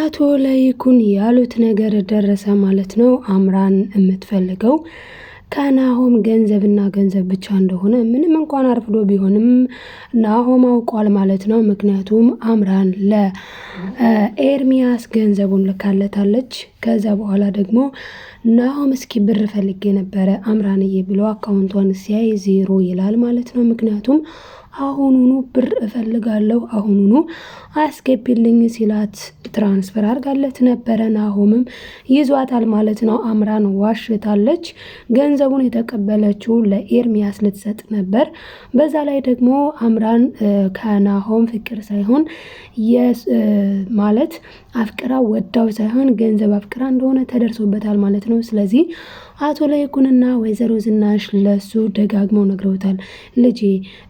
አቶ ለይኩን ያሉት ነገር ደረሰ ማለት ነው። አምራን የምትፈልገው ከናሆም ገንዘብና ገንዘብ ብቻ እንደሆነ ምንም እንኳን አርፍዶ ቢሆንም ናሆም አውቋል ማለት ነው። ምክንያቱም አምራን ለኤርሚያስ ገንዘቡን ልካለታለች። ከዛ በኋላ ደግሞ ናሆም እስኪ ብር ፈልጌ ነበረ አምራንዬ ብሎ አካውንቷን ሲያይ ዜሮ ይላል ማለት ነው። ምክንያቱም አሁኑኑ ብር እፈልጋለሁ አሁኑኑ አስገቢልኝ ሲላት ትራንስፈር አድርጋለት ነበረ። ናሆምም ይዟታል ማለት ነው። አምራን ዋሽታለች። ገንዘቡን የተቀበለችው ለኤርሚያስ ልትሰጥ ነበር። በዛ ላይ ደግሞ አምራን ከናሆም ፍቅር ሳይሆን ማለት አፍቅራ ወዳው ሳይሆን ገንዘብ አፍቅራ እንደሆነ ተደርሶበታል ማለት ነው። ስለዚህ አቶ ለይኩንና ወይዘሮ ዝናሽ ለሱ ደጋግመው ነግረውታል። ልጄ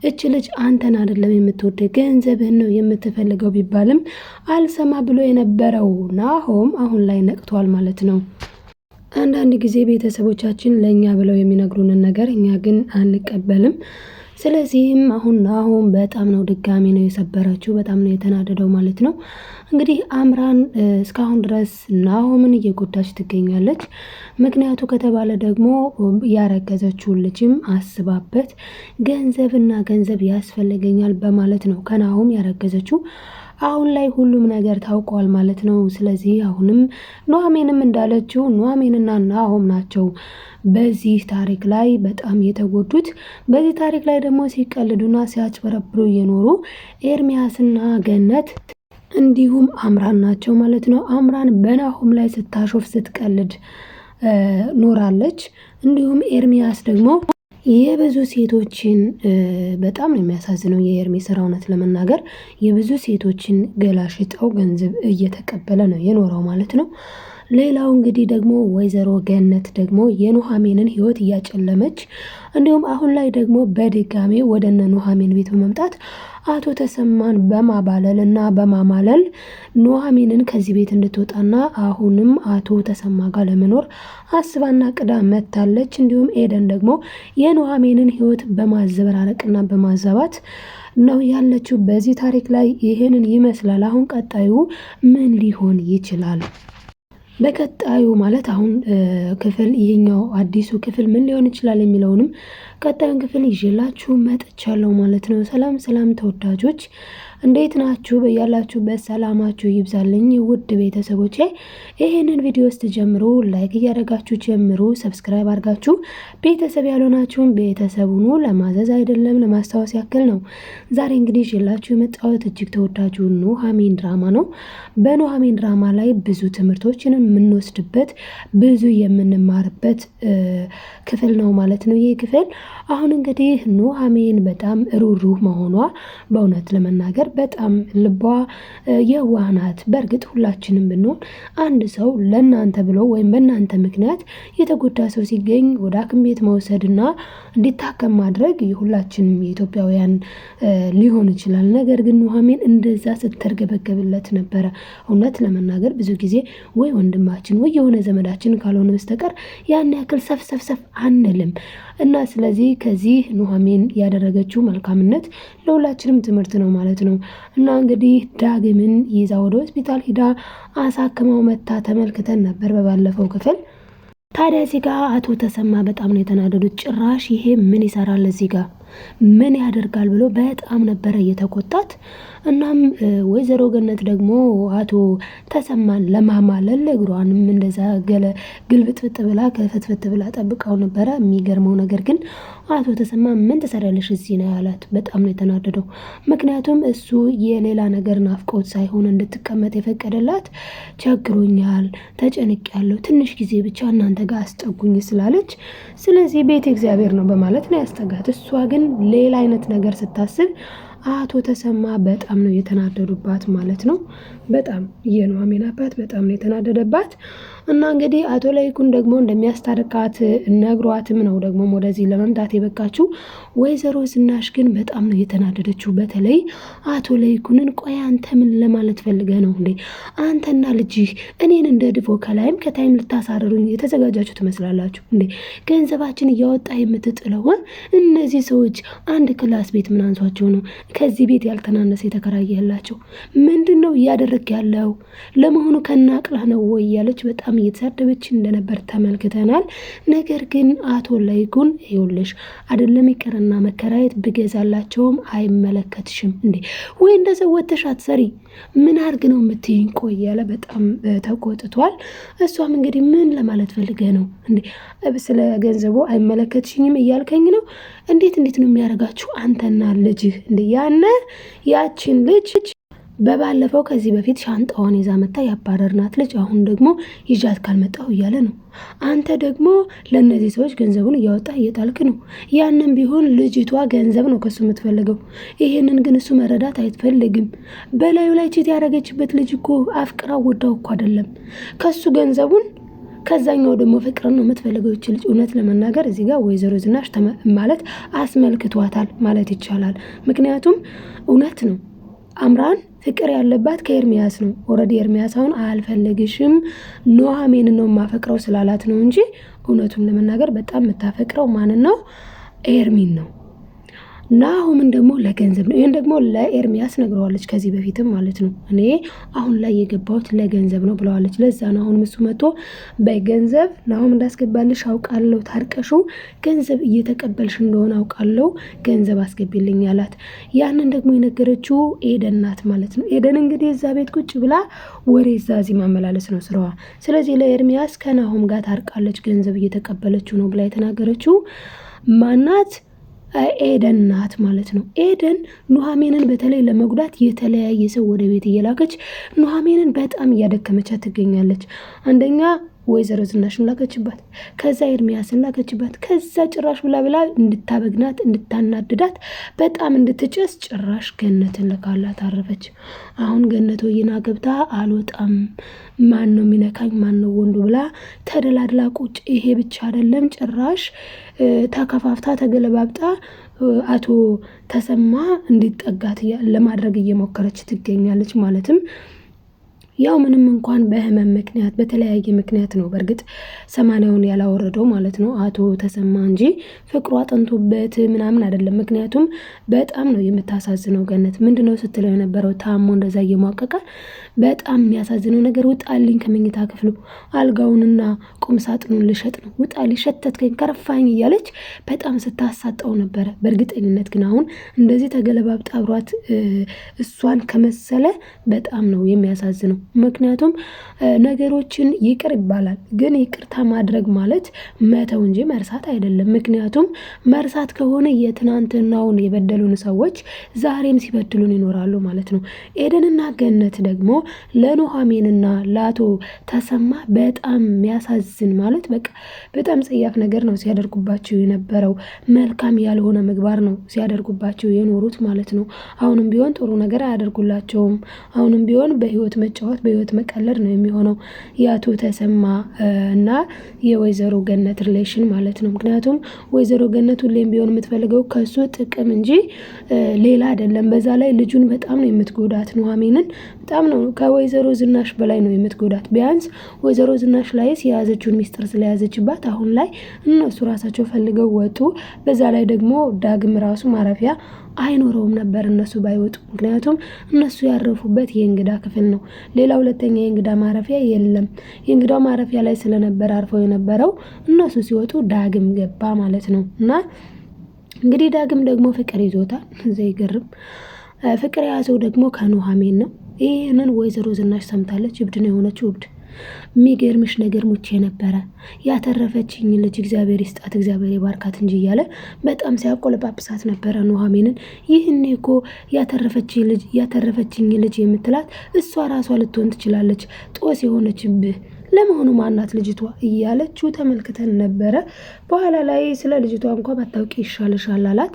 እች ልጅ አንተን አይደለም የምትወደ ገንዘብህን ነው የምትፈልገው ቢባልም አልሰማ ብሎ የነበረው ናሆም አሁን ላይ ነቅቷል ማለት ነው። አንዳንድ ጊዜ ቤተሰቦቻችን ለእኛ ብለው የሚነግሩንን ነገር እኛ ግን አንቀበልም። ስለዚህም አሁን ናሆም በጣም ነው ድጋሚ ነው የሰበረችው፣ በጣም ነው የተናደደው ማለት ነው። እንግዲህ አምራን እስካሁን ድረስ ናሆምን እየጎዳች ትገኛለች። ምክንያቱ ከተባለ ደግሞ ያረገዘችውን ልጅም አስባበት ገንዘብና ገንዘብ ያስፈልገኛል በማለት ነው ከናሆም ያረገዘችው። አሁን ላይ ሁሉም ነገር ታውቋል ማለት ነው። ስለዚህ አሁንም ኑሐሚንም እንዳለችው ኑሐሚንና ናሆም ናቸው በዚህ ታሪክ ላይ በጣም የተጎዱት። በዚህ ታሪክ ላይ ደግሞ ሲቀልዱና ሲያጭበረብሩ እየኖሩ ኤርሚያስና ገነት እንዲሁም አምራን ናቸው ማለት ነው። አምራን በናሆም ላይ ስታሾፍ ስትቀልድ ኖራለች። እንዲሁም ኤርሚያስ ደግሞ የብዙ ሴቶችን በጣም ነው የሚያሳዝነው የኤርሚ ስራ። እውነት ለመናገር የብዙ ሴቶችን ገላ ሽጠው ገንዘብ እየተቀበለ ነው የኖረው ማለት ነው። ሌላው እንግዲህ ደግሞ ወይዘሮ ገነት ደግሞ የኑሐሚንን ህይወት እያጨለመች እንዲሁም አሁን ላይ ደግሞ በድጋሜ ወደነ እነ ኑሐሚን ቤት በመምጣት አቶ ተሰማን በማባለል እና በማማለል ኑሐሚንን ከዚህ ቤት እንድትወጣና አሁንም አቶ ተሰማ ጋር ለመኖር አስባና ቅዳ መታለች። እንዲሁም ኤደን ደግሞ የኑሐሚንን ህይወት በማዘበራረቅና በማዛባት ነው ያለችው። በዚህ ታሪክ ላይ ይህንን ይመስላል። አሁን ቀጣዩ ምን ሊሆን ይችላል? በቀጣዩ ማለት አሁን ክፍል ይህኛው አዲሱ ክፍል ምን ሊሆን ይችላል የሚለውንም ቀጣዩን ክፍል ይዤላችሁ መጥቻለሁ ማለት ነው። ሰላም ሰላም ተወዳጆች እንዴት ናችሁ? በያላችሁበት ሰላማችሁ ይብዛልኝ ውድ ቤተሰቦቼ። ይህንን ቪዲዮ ስትጀምሩ ላይክ እያደረጋችሁ ጀምሩ፣ ሰብስክራይብ አድርጋችሁ ቤተሰብ ያልሆናችሁን ቤተሰቡኑ ለማዘዝ አይደለም ለማስታወስ ያክል ነው። ዛሬ እንግዲህ ይዤላችሁ የመጣሁት እጅግ ተወዳጁ ኑሐሚን ድራማ ነው። በኑሐሚን ድራማ ላይ ብዙ ትምህርቶችን የምንወስድበት ብዙ የምንማርበት ክፍል ነው ማለት ነው ይህ ክፍል አሁን እንግዲህ ኑሐሚን በጣም ሩህሩህ መሆኗ በእውነት ለመናገር በጣም ልቧ የዋህ ናት። በእርግጥ ሁላችንም ብንሆን አንድ ሰው ለእናንተ ብሎ ወይም በእናንተ ምክንያት የተጎዳ ሰው ሲገኝ ወደ ሐኪም ቤት መውሰድና እንዲታከም ማድረግ የሁላችንም የኢትዮጵያውያን ሊሆን ይችላል። ነገር ግን ኑሐሚን እንደዛ ስትርገበገብለት ነበረ። እውነት ለመናገር ብዙ ጊዜ ወይ ወንድማችን ወይ የሆነ ዘመዳችን ካልሆነ በስተቀር ያን ያክል ሰፍሰፍሰፍ አንልም እና ስለዚህ ስለዚህ ከዚህ ኑሐሚን ያደረገችው መልካምነት ለሁላችንም ትምህርት ነው ማለት ነው እና እንግዲህ ዳግምን ይዛ ወደ ሆስፒታል ሂዳ አሳክመው መታ ተመልክተን ነበር በባለፈው ክፍል። ታዲያ እዚህ ጋ አቶ ተሰማ በጣም ነው የተናደዱት። ጭራሽ ይሄ ምን ይሰራል እዚህ ጋር ምን ያደርጋል ብሎ በጣም ነበረ እየተቆጣት እናም ወይዘሮ ገነት ደግሞ አቶ ተሰማን ለማማለል እግሯንም እንደዛ ገለ ግልብጥብጥ ብላ ከፍትፍት ብላ ጠብቀው ነበረ። የሚገርመው ነገር ግን አቶ ተሰማ ምን ትሰሪያለሽ እዚህ ነው ያላት። በጣም ነው የተናደደው። ምክንያቱም እሱ የሌላ ነገር ናፍቆት ሳይሆን እንድትቀመጥ የፈቀደላት ቸግሮኛል፣ ተጨንቄያለሁ፣ ትንሽ ጊዜ ብቻ እናንተ ጋር አስጠጉኝ ስላለች ስለዚህ ቤት እግዚአብሔር ነው በማለት ነው ያስጠጋት። እሷ ግን ሌላ አይነት ነገር ስታስብ አቶ ተሰማ በጣም ነው የተናደዱባት ማለት ነው። በጣም የኑሐሚን አባት በጣም ነው የተናደደባት። እና እንግዲህ አቶ ላይኩን ደግሞ እንደሚያስታርቃት ነግሯትም ነው ደግሞ ወደዚህ ለመምጣት የበቃችው። ወይዘሮ ዝናሽ ግን በጣም ነው የተናደደችው። በተለይ አቶ ላይኩንን ቆይ አንተ ምን ለማለት ፈልገ ነው እንዴ? አንተና ልጅህ እኔን እንደ ድፎ ከላይም ከታይም ልታሳርሩኝ የተዘጋጃችሁ ትመስላላችሁ እንዴ? ገንዘባችን እያወጣ የምትጥለው እነዚህ ሰዎች አንድ ክላስ ቤት ምን አንሷቸው ነው? ከዚህ ቤት ያልተናነሰ የተከራየላቸው? ምንድን ነው እያደረግ ያለው? ለመሆኑ ከናቅላህ ነው ወይ? ያለች በጣም በጣም እየተሳደበች እንደነበር ተመልክተናል። ነገር ግን አቶ ላይጉን ይኸውልሽ አይደለም ይቅርና መከራየት ብገዛላቸውም አይመለከትሽም እንዴ ወይ እንደዘ ወተሽ አትሰሪ ምን አርግ ነው የምትይኝ? ቆይ ያለ በጣም ተቆጥቷል። እሷም እንግዲህ ምን ለማለት ፈልገ ነው እንዴ ስለ ገንዘቡ አይመለከትሽኝም እያልከኝ ነው? እንዴት እንዴት ነው የሚያደርጋችሁ አንተና ልጅህ እንዴ ያነ ያችን ልጅ በባለፈው ከዚህ በፊት ሻንጣዋን ይዛ መታ ያባረርናት ልጅ አሁን ደግሞ ይዣት ካልመጣሁ እያለ ነው። አንተ ደግሞ ለእነዚህ ሰዎች ገንዘቡን እያወጣ እየጣልክ ነው። ያንም ቢሆን ልጅቷ ገንዘብ ነው ከሱ የምትፈልገው። ይህንን ግን እሱ መረዳት አይፈልግም። በላዩ ላይ ችት ያደረገችበት ልጅ እኮ አፍቅራ ወዳው እኮ አይደለም። ከሱ ገንዘቡን ከዛኛው ደግሞ ፍቅርን ነው የምትፈልገው ይች ልጅ። እውነት ለመናገር እዚህ ጋር ወይዘሮ ዝናሽ ማለት አስመልክቷታል ማለት ይቻላል። ምክንያቱም እውነት ነው አምራን ፍቅር ያለባት ከኤርሚያስ ነው። ኦልሬዲ ኤርሚያስ አሁን አልፈልግሽም ኑሐሚን ነው የማፈቅረው ስላላት ነው እንጂ እውነቱን ለመናገር በጣም የምታፈቅረው ማንን ነው? ኤርሚን ነው። ናሆምን ደግሞ ለገንዘብ ነው። ይህን ደግሞ ለኤርሚያስ ነግረዋለች ከዚህ በፊትም ማለት ነው። እኔ አሁን ላይ የገባሁት ለገንዘብ ነው ብለዋለች። ለዛ ነው አሁን እሱ መጥቶ በገንዘብ ናሆም እንዳስገባልሽ አውቃለሁ፣ ታርቀሹ ገንዘብ እየተቀበልሽ እንደሆነ አውቃለሁ፣ ገንዘብ አስገቢልኝ ያላት። ያንን ደግሞ የነገረችው ኤደን ናት ማለት ነው። ኤደን እንግዲህ እዛ ቤት ቁጭ ብላ ወሬ እዛ እዚህ ማመላለስ ነው ስራዋ። ስለዚህ ለኤርሚያስ ከናሆም ጋር ታርቃለች፣ ገንዘብ እየተቀበለችው ነው ብላ የተናገረችው ማናት? ኤደን ናት ማለት ነው። ኤደን ኑሐሚንን በተለይ ለመጉዳት የተለያየ ሰው ወደ ቤት እየላከች ኑሐሚንን በጣም እያደከመቻት ትገኛለች አንደኛ ወይዘሮ ዝናሽም ላከችባት፣ ከዛ ኤርሚያስን ላከችባት፣ ከዛ ጭራሽ ብላ ብላ እንድታበግናት እንድታናድዳት በጣም እንድትጨስ ጭራሽ ገነትን ልካላት አረፈች። አሁን ገነት ወይና ገብታ አልወጣም፣ ማን ነው የሚነካኝ? ማን ነው ወንዱ? ብላ ተደላድላ ቁጭ። ይሄ ብቻ አይደለም ጭራሽ ተከፋፍታ ተገለባብጣ አቶ ተሰማ እንዲጠጋት ለማድረግ እየሞከረች ትገኛለች ማለትም ያው ምንም እንኳን በህመም ምክንያት በተለያየ ምክንያት ነው በእርግጥ ሰማንያውን ያላወረደው ማለት ነው አቶ ተሰማ እንጂ ፍቅሩ አጥንቶበት ምናምን አይደለም። ምክንያቱም በጣም ነው የምታሳዝነው ገነት ምንድነው ስትለው የነበረው ታሞ እንደዛ እየሟቀቀ በጣም የሚያሳዝነው ነገር ውጣልኝ፣ ከመኝታ ክፍሉ አልጋውንና ቁም ሳጥኑን ልሸጥ ነው፣ ውጣ፣ ሸተትከኝ፣ ከረፋኝ እያለች በጣም ስታሳጣው ነበረ። በእርግጠኝነት ግን አሁን እንደዚህ ተገለባብጣ አብሯት እሷን ከመሰለ በጣም ነው የሚያሳዝነው። ምክንያቱም ነገሮችን ይቅር ይባላል፣ ግን ይቅርታ ማድረግ ማለት መተው እንጂ መርሳት አይደለም። ምክንያቱም መርሳት ከሆነ የትናንትናውን የበደሉን ሰዎች ዛሬም ሲበድሉን ይኖራሉ ማለት ነው። ኤደንና ገነት ደግሞ ለኑሐሚንና ለአቶ ተሰማ በጣም የሚያሳዝን ማለት በቃ በጣም ጸያፍ ነገር ነው ሲያደርጉባቸው የነበረው። መልካም ያልሆነ ምግባር ነው ሲያደርጉባቸው የኖሩት ማለት ነው። አሁንም ቢሆን ጥሩ ነገር አያደርጉላቸውም። አሁንም ቢሆን በህይወት መጫወት፣ በህይወት መቀለድ ነው የሚሆነው የአቶ ተሰማ እና የወይዘሮ ገነት ሪሌሽን ማለት ነው። ምክንያቱም ወይዘሮ ገነት ሁሌም ቢሆን የምትፈልገው ከሱ ጥቅም እንጂ ሌላ አይደለም። በዛ ላይ ልጁን በጣም ነው የምትጎዳት ኑሐሚንን በጣም ነው ከወይዘሮ ዝናሽ በላይ ነው የምትጎዳት። ቢያንስ ወይዘሮ ዝናሽ ላይስ የያዘችውን ሚስጥር ስለያዘችባት አሁን ላይ እነሱ ራሳቸው ፈልገው ወጡ። በዛ ላይ ደግሞ ዳግም ራሱ ማረፊያ አይኖረውም ነበር እነሱ ባይወጡ፣ ምክንያቱም እነሱ ያረፉበት የእንግዳ ክፍል ነው። ሌላ ሁለተኛ የእንግዳ ማረፊያ የለም። የእንግዳው ማረፊያ ላይ ስለነበር አርፈው የነበረው እነሱ ሲወጡ ዳግም ገባ ማለት ነው እና እንግዲህ ዳግም ደግሞ ፍቅር ይዞታል ዘይገርም ፍቅር የያዘው ደግሞ ከኑሐሚን ነው። ይህንን ወይዘሮ ዝናሽ ሰምታለች። እብድ ነው የሆነችው እብድ። የሚገርምሽ ነገር ሙቼ ነበረ ያተረፈችኝ ልጅ እግዚአብሔር ይስጣት እግዚአብሔር ይባርካት እንጂ እያለ በጣም ሲያቆለጳጵሳት ነበረ ኑሐሚንን። ይህን እኮ ያተረፈችኝ ልጅ ያተረፈችኝ ልጅ የምትላት እሷ ራሷ ልትሆን ትችላለች። ጦስ የሆነችብህ ለመሆኑ ማናት ልጅቷ እያለችው ተመልክተን ነበረ። በኋላ ላይ ስለ ልጅቷ እንኳ ባታውቂ ይሻልሻል አላት።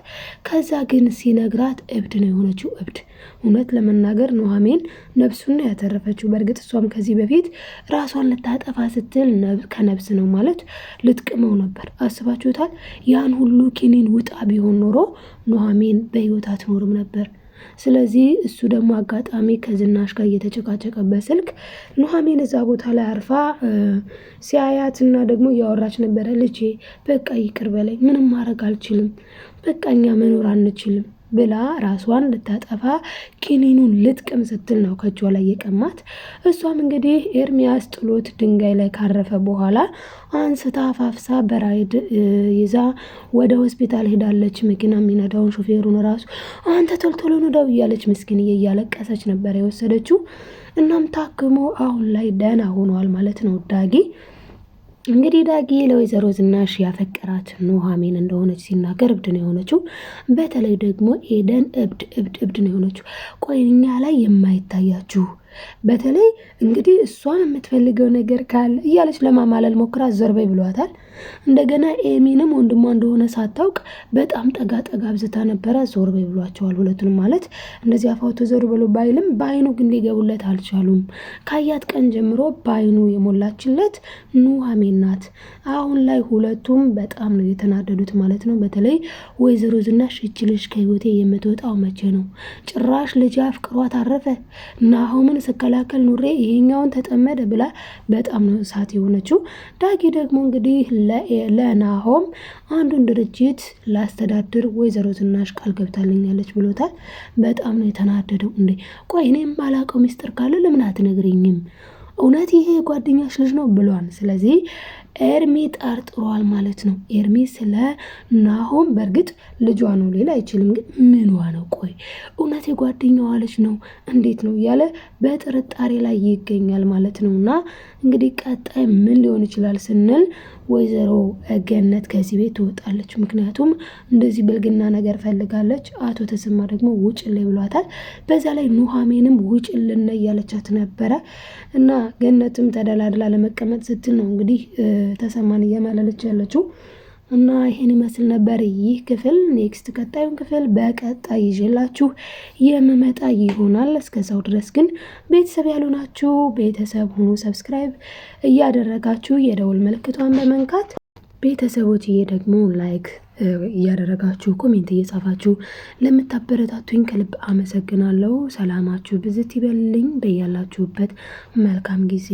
ከዛ ግን ሲነግራት እብድ ነው የሆነችው እብድ። እውነት ለመናገር ኑሐሚን ነብሱን ያተረፈችው። በእርግጥ እሷም ከዚህ በፊት ራሷን ልታጠፋ ስትል ከነብስ ነው ማለት ልትቅመው ነበር። አስባችሁታል? ያን ሁሉ ኪኒን ውጣ ቢሆን ኖሮ ኑሐሚን በህይወት አትኖርም ነበር። ስለዚህ እሱ ደግሞ አጋጣሚ ከዝናሽ ጋር እየተጨቃጨቀበት ስልክ ኑሐሚን እዛ ቦታ ላይ አርፋ ሲያያት እና ደግሞ እያወራች ነበረ። ልጄ በቃ ይቅር በለኝ፣ ምንም ማድረግ አልችልም፣ በቃ እኛ መኖር አንችልም ብላ ራሷን ልታጠፋ ኪኒኑን ልጥቅም ስትል ነው ከእጇ ላይ የቀማት። እሷም እንግዲህ ኤርሚያስ ጥሎት ድንጋይ ላይ ካረፈ በኋላ አንስታ አፋፍሳ በራይድ ይዛ ወደ ሆስፒታል ሄዳለች። መኪና የሚነዳውን ሾፌሩን ራሱ አንተ ቶሎ ንዳው እያለች ምስኪንዬ እያለቀሰች ነበር የወሰደችው። እናም ታክሞ አሁን ላይ ደህና ሆኗል ማለት ነው ዳጊ እንግዲህ ዳጊ ለወይዘሮ ዝናሽ ያፈቀራት ኑሐሚን እንደሆነች ሲናገር እብድ ነው የሆነችው። በተለይ ደግሞ ኤደን እብድ እብድ እብድ ነው የሆነችው። ቆይኛ ላይ የማይታያችሁ በተለይ እንግዲህ እሷን የምትፈልገው ነገር ካለ እያለች ለማማለል ሞክራ አዘርበይ ብሏታል። እንደገና ኤሚንም ወንድሟ እንደሆነ ሳታውቅ በጣም ጠጋ ጠጋ አብዝታ ነበረ። ዞር በይ ብሏቸዋል ሁለቱንም። ማለት እንደዚህ አፋውቶ ዞር ብሎ ባይልም በአይኑ ግን ሊገቡለት አልቻሉም። ካያት ቀን ጀምሮ በአይኑ የሞላችለት ኑሐሚን ናት። አሁን ላይ ሁለቱም በጣም ነው የተናደዱት ማለት ነው። በተለይ ወይዘሮ ዝናሽ እች ልጅ ከህይወቴ የምትወጣው መቼ ነው? ጭራሽ ልጅ አፍቅሯት አረፈ ናሆምን ስከላከል ኑሬ ይሄኛውን ተጠመደ ብላ በጣም ነው እሳት የሆነችው። ዳጊ ደግሞ እንግዲህ ለናሆም አንዱን ድርጅት ላስተዳድር ወይዘሮ ዝናሽ ቃል ገብታልኛለች ብሎታል። በጣም ነው የተናደደው። እንዴ ቆይ እኔም አላቀው ሚስጥር ካለ ለምን አትነግሪኝም? እውነት ይሄ የጓደኛሽ ልጅ ነው ብሏል። ስለዚህ ኤርሚ ጠርጥሯል ማለት ነው። ኤርሚ ስለ ናሆም በእርግጥ ልጇ ነው ሌላ አይችልም፣ ግን ምኗ ነው? ቆይ እውነት የጓደኛዋ ልጅ ነው እንዴት ነው እያለ በጥርጣሬ ላይ ይገኛል ማለት ነው። እና እንግዲህ ቀጣይ ምን ሊሆን ይችላል ስንል ወይዘሮ ገነት ከዚህ ቤት ትወጣለች። ምክንያቱም እንደዚህ ብልግና ነገር ፈልጋለች። አቶ ተሰማ ደግሞ ላይ ብሏታል። በዛ ላይ ውጭ ልነ እያለቻት ነበረ እና ገነትም ተደላድላ ለመቀመጥ ስትል ነው እንግዲህ ተሰማን እያመላለች ያለችው እና ይሄን ይመስል ነበር ይህ ክፍል። ኔክስት ቀጣዩን ክፍል በቀጣይ ይዤላችሁ የምመጣ ይሆናል። እስከዛው ድረስ ግን ቤተሰብ ያልሆናችሁ ቤተሰብ ሁኑ። ሰብስክራይብ እያደረጋችሁ የደውል ምልክቷን በመንካት ቤተሰቦችዬ ደግሞ ላይክ እያደረጋችሁ ኮሜንት እየጻፋችሁ ለምታበረታቱኝ ከልብ አመሰግናለሁ። ሰላማችሁ ብዝት ይበልልኝ። በያላችሁበት መልካም ጊዜ